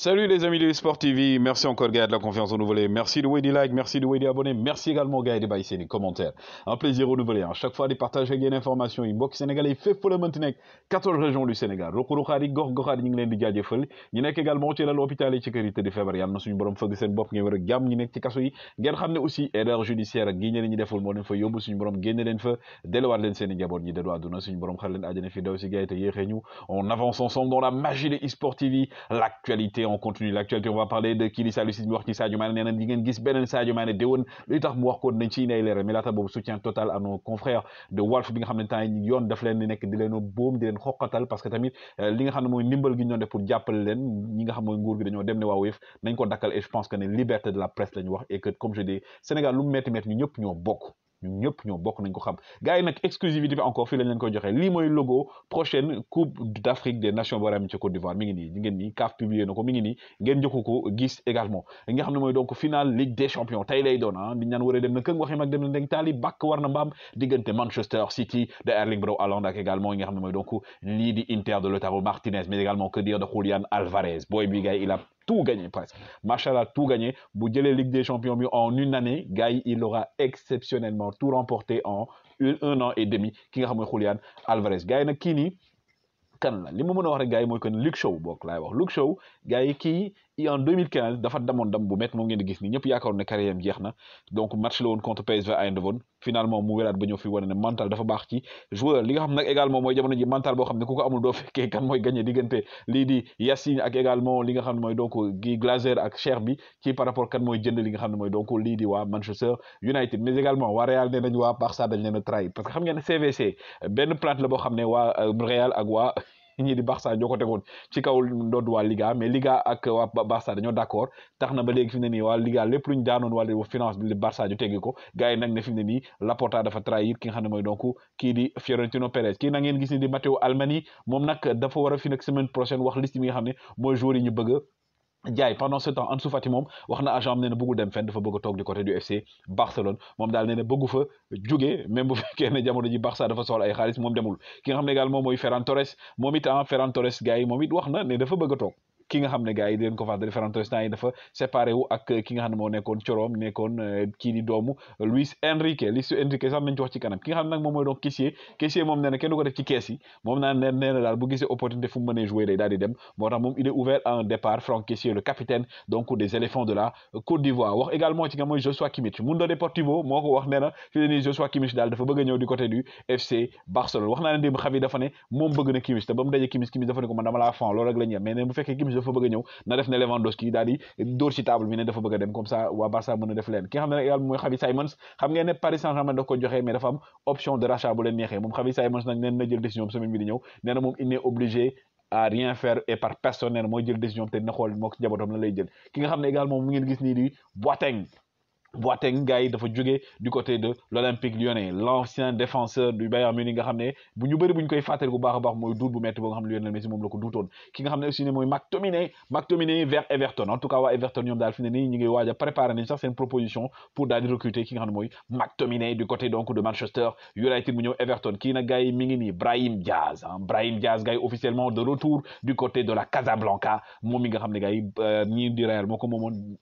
Salut les amis de Sport TV, merci encore gars de la confiance renouvelée, merci de des like, merci de des abonnés, merci également gars de baisser les commentaires. Un plaisir renouvelé, à hein. chaque fois de partager des informations, inbox sénégalais, fait pour le maintenir 14 régions du Sénégal. Rokurukhari, Gorgokhari, ñu ngi leen di jaajëfal, ñi nekk également ci lal hôpital yi ci kër yi tëdd feebar, yàlla na suñu borom fëgg seen bopp ngeen wér ak jàmm, nekk ci kaso yi, aussi erreur judiciaire ak génne leen ñi deful moo leen fa yóbbu suñu borom génne leen fa, delluwaat leen seen i njaboot ñi dellu àdduna suñu borom xar leen àjjana fi daw si gars ñu, on avance ensemble dans la magie de Sport TV, l'actualité on continue l'actualité on va parler de kii di Saliou Ciss mi wax ci Sadio Mané nee na di ngeen gis benen Sadio Mané déwoon li tax mu wax ko nañ ci nay mais soutien total à nos confrères de Wolf bi nga xam ne temps yi yoon daf leen di nekk boom di parce que tamit euh, li nga xam ne mooy gi ñu pour diapel, leen ñi nga xam mooy nguur gi dañoo dem e et je pense que la liberté de la presse la et que comme je dis Sénégal nous mu métti ñu ñëpp ñoo ñun ñëpp ñoo bokk nañ ko xam gars yi nag exclusivité bi encore fii lañ leen koy joxe lii mooy logo prochaine coupe d' Afrique des nations war ci Côte d'Ivoire mi ngi nii ngeen nii CAF publié na ko mi ngi nii ngeen jëkku ko gis également nga xam ne mooy donc final Ligue des champions tey lay doon ah di ñaan war dem na këng waxee mag dem na ndeng taali bàkk war na mbaam diggante Manchester City de Erling Braut Haaland ak également nga xam ne mooy donc lii di Inter de Lautaro Martinez mais également que dire de Julian Alvarez Boy bi gars il a tout gagné presque. Machal a tout gagné. les Ligue des Champions en une année. Gaï, il aura exceptionnellement tout remporté en un, an et demi. qui Julian Alvarez. Gaï, Kini. kan la wax rek gars mooy que Luke Shaw bokk laay wax Luke Shaw gars yi kii en 2015 dafa damoon dam bu métti moom ngeen di gis ni ñëpp ne carrière am donc match la woon contre PSV Eindhoven finalement mu wéraat ba ñëw fi wane ne dafa baax ci joueur li xam nag mooy jamono ku ko amul doo fekkee kan mooy gagné diggante lii di ak également li xam ne mooy donc gi Glazer ak Cher bi par rapport kan mooy jënd li ñii di Barça ñoo ko tegoon ci kaw ndodd waa Liga mais Liga ak waa Barça d'accord tax na ba léegi fi mu ne nii waa Liga lépp lu ñu daanoon finance bi Barça ju teggi ko gars yi nag ne fi trahir ki xam ne mooy donc kii Fiorentino Perez kii na ngeen gis ni di Almani moom nag dafa war a semaine prochaine wax liste bi nga xam ne mooy joueurs yi ñu Ndiaye pendant ce temps Ansu Fati mom waxna agent am nee dem fen dafa bëgg tok di côté du FC Barcelone mom dal nee na bëggu fa jóge même bu fekkee né jamono ji Barça dafa soxla ay xaliss Mom demul ki nga xamné ne également moy Ferran Torres momit ah, Ferran Torres gars momit waxna né dafa bëgg tok ki nga xam ne gars yi di leen ko fàttali Ferran Torres temps yi dafa séparé wu ak ki nga xam ne moo nekkoon coroom nekkoon euh, kii di doomu Luis Enrique Luis Enrique sax nañ ci wax ci kanam ki nga xam ne nag moom mooy donc caissier caissier moom nee na kenn du ko def ci kees yi moom naa nee na daal bu gisee opportunité fu mu mënee jouer day daal di dem moo tax moom il est ouvert à un départ Franck Kessié le capitaine donc des éléphants de la Côte d'Ivoire wax également ci nga mooy Joshua Kimmich Mundo Deportivo moo ko wax nee na fi ne nii Joshua Kimmich daal dafa bëgg a ñëw di côté du FC Barcelone wax naa ne démb Xavi dafa ne moom bëgg na Kimmich te ba mu dajee Kimmich Kimmich dafa ne ko man dama laa fond loolu rek la ñu mais ne bu fekkee Kimmich dafa bëgg ñëw na def ne Lewandowski daal di dóor ci table bi ne dafa bëgg dem comme ça waa Barça mën a def leen ki nga xam ne nag également mooy Xavi Simons xam ngeen ne Paris Saint-Germain daf ko joxee mais dafa am option de rachat bu leen neexee moom Xavi Simons nag neen na jël décision semaine bi di ñëw nee na moom il n'est obligé à rien faire et par personnel nee mooy jël décision te na xool moo ko njabootam la lay jël ki nga xam ne également mu ngeen gis nii di Boateng Boateng Gueye dafa jóge du côté de l'Olympique Lyonnais l'ancien défenseur du Bayern Munich nga xam ne bu ñu bëri bu ñu koy fàttali bu baax a baax mooy duut bu métti boo nga xam ne Lionel Messi moom la ko duutoon ki nga xam aussi ne mooy McTominay McTominay vers Everton en tout cas waa Everton ñoom daal fi ne ñu ngi waaj a préparé nañ sax seen proposition pour daal di recruter ki nga xam ne mooy du côté donc de Manchester United mu ñëw Everton kii nag gars mi ngi nii Brahim Diaz ah Brahim Diaz gars officiellement de retour du côté de la Casablanca moom mi nga xam ne gars yi euh, ñii di Real moo ko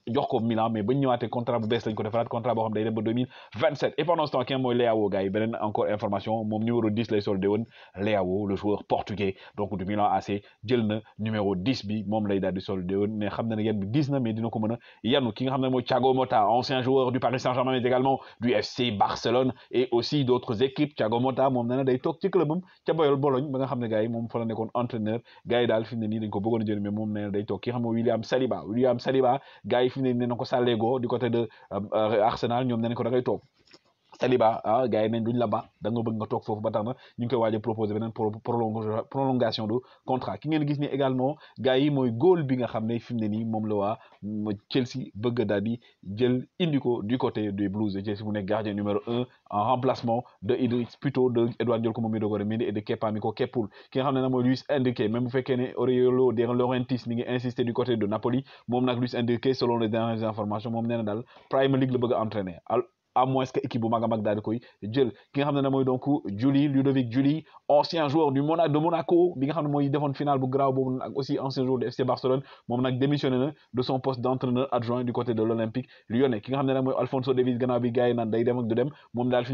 jox ko Milan mais ba ñu ñëwaatee contrat bu bees ko defalat contrat bo xam day dem ba 2027 et pendant ce temps kenn mooy Leao gars yi encore information moom numéro 10 lay soldé woon Leao le joueur portugais donc du Milan AC jël na numéro 10 bi mom lay dal di soldé won ne xam na ne yan bi 10 na mais dina ko mëna a yanu ki nga xam ne Thiago Motta ancien joueur du Paris Saint-Germain mais également du FC Barcelone et aussi d'autres équipes Thiago Motta mom nee na day tok ci clubum ca Boyol Bologne ba nga xam ne gars fa la nekkoon entraîneur gay dal daal fi mu ne dañ ko bëggone a jël mais moom nee day tok ki xam William Saliba William Saliba gay fini fi mu ne nii nee na du côté de euh, Arsenal ñoom nee nañ ko da ngay toog Saliba ah gars yi neen duñ la ba da nga bëgg nga toog foofu ba tax na ñu ngi koy prolongation de contrat ki ngeen gis ni également gars yi mooy goal, bi nga xam ne fi mu mm, Chelsea bëgg daal di jël du côté des Blues et Chelsea mu nekk gardien numéro un en remplacement de Idris plutôt de Edouard Ndiol ko et de Kepa mi ko Qui ki nga xam indiqué. Luis même bu faites ne Aurelio De Laurentiis mi ngi insisté du côté de Napoli moom nag Luis Enrique selon les dernières informations moom nee dans la Premier League la bëgg a entraîner à moins que équipe bu mag a mag daal di koy ki nga donc Juli Ludovic julie ancien joueur du monaco de Monaco bi nga xam ne mooy final finale bu Grau, aussi ancien joueur de FC Barcelone Mom nak démissionné de son poste d'entraîneur adjoint du côté de l'Olympique Lyonnais qui nga xam alfonso nag Alphonso Davies gannaaw bi gars day dem ak du dem moom daal fi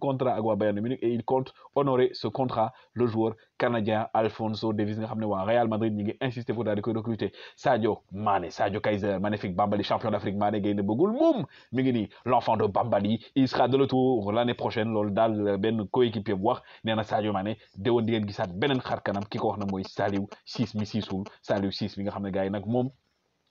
contrat ak Bayern Munich et il compte honorer ce contrat le joueur canadien Alphonso Davies nga Real Madrid ñi ngi insister pour la recruter Sadio Mané Sadio Kaiser magnifique Bambali champion d'Afrique Mane qui Bogoul moom mi ngi l'enfant l'enfant de Bambali il sera de retour l'année prochaine loolu daal benn coéquipier bu wax nee na Sadio Mané won di ngeen gissat benen xar kanam ki wax na moy Saliou Ciss mi siisul Saliou Ciss bi nga xamné gaay nak mom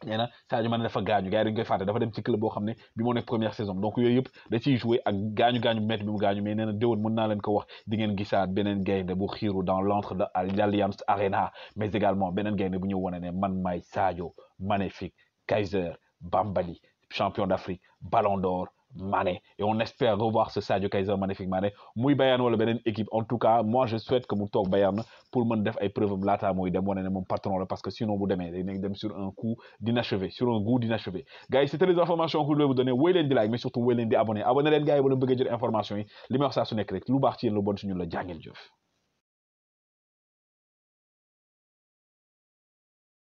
nag Sadio Mané dafa gañu gaay yi koy faté dafa dem ci club bo xamné ne bi moo nekk première saison donc yooyu yëpp da ci jouer ak gañu gañu met bi mu gañu mais nee na déwoon mën na len ko wax di ngeen gissat benen gaynde bu xiru dans l'entre de l'Alliance Arena mais également benen gaynde bu ñu woné né man may Sadio magnifique Kaiser Bambali champion d'Afrique ballon d'or Mané. Et on espère revoir ce Sadio Kaiser magnifique Mané. Muy Bayern ou le benen équipe. En tout cas, moi je souhaite que mon tok Bayern pour mon def ay preuve blata moy dem woné mon patron là parce que sinon vous démé day dem sur un coup d'inachevé, sur un goût d'inachevé. Guys, c'était les informations que je voulais vous donner. Wayland len like mais surtout Wayland len di abonner. Abonner len gars yi wala bëgg jël information yi. Li ma wax sa su nek rek lu bax ci lu bon ci ñun la jangel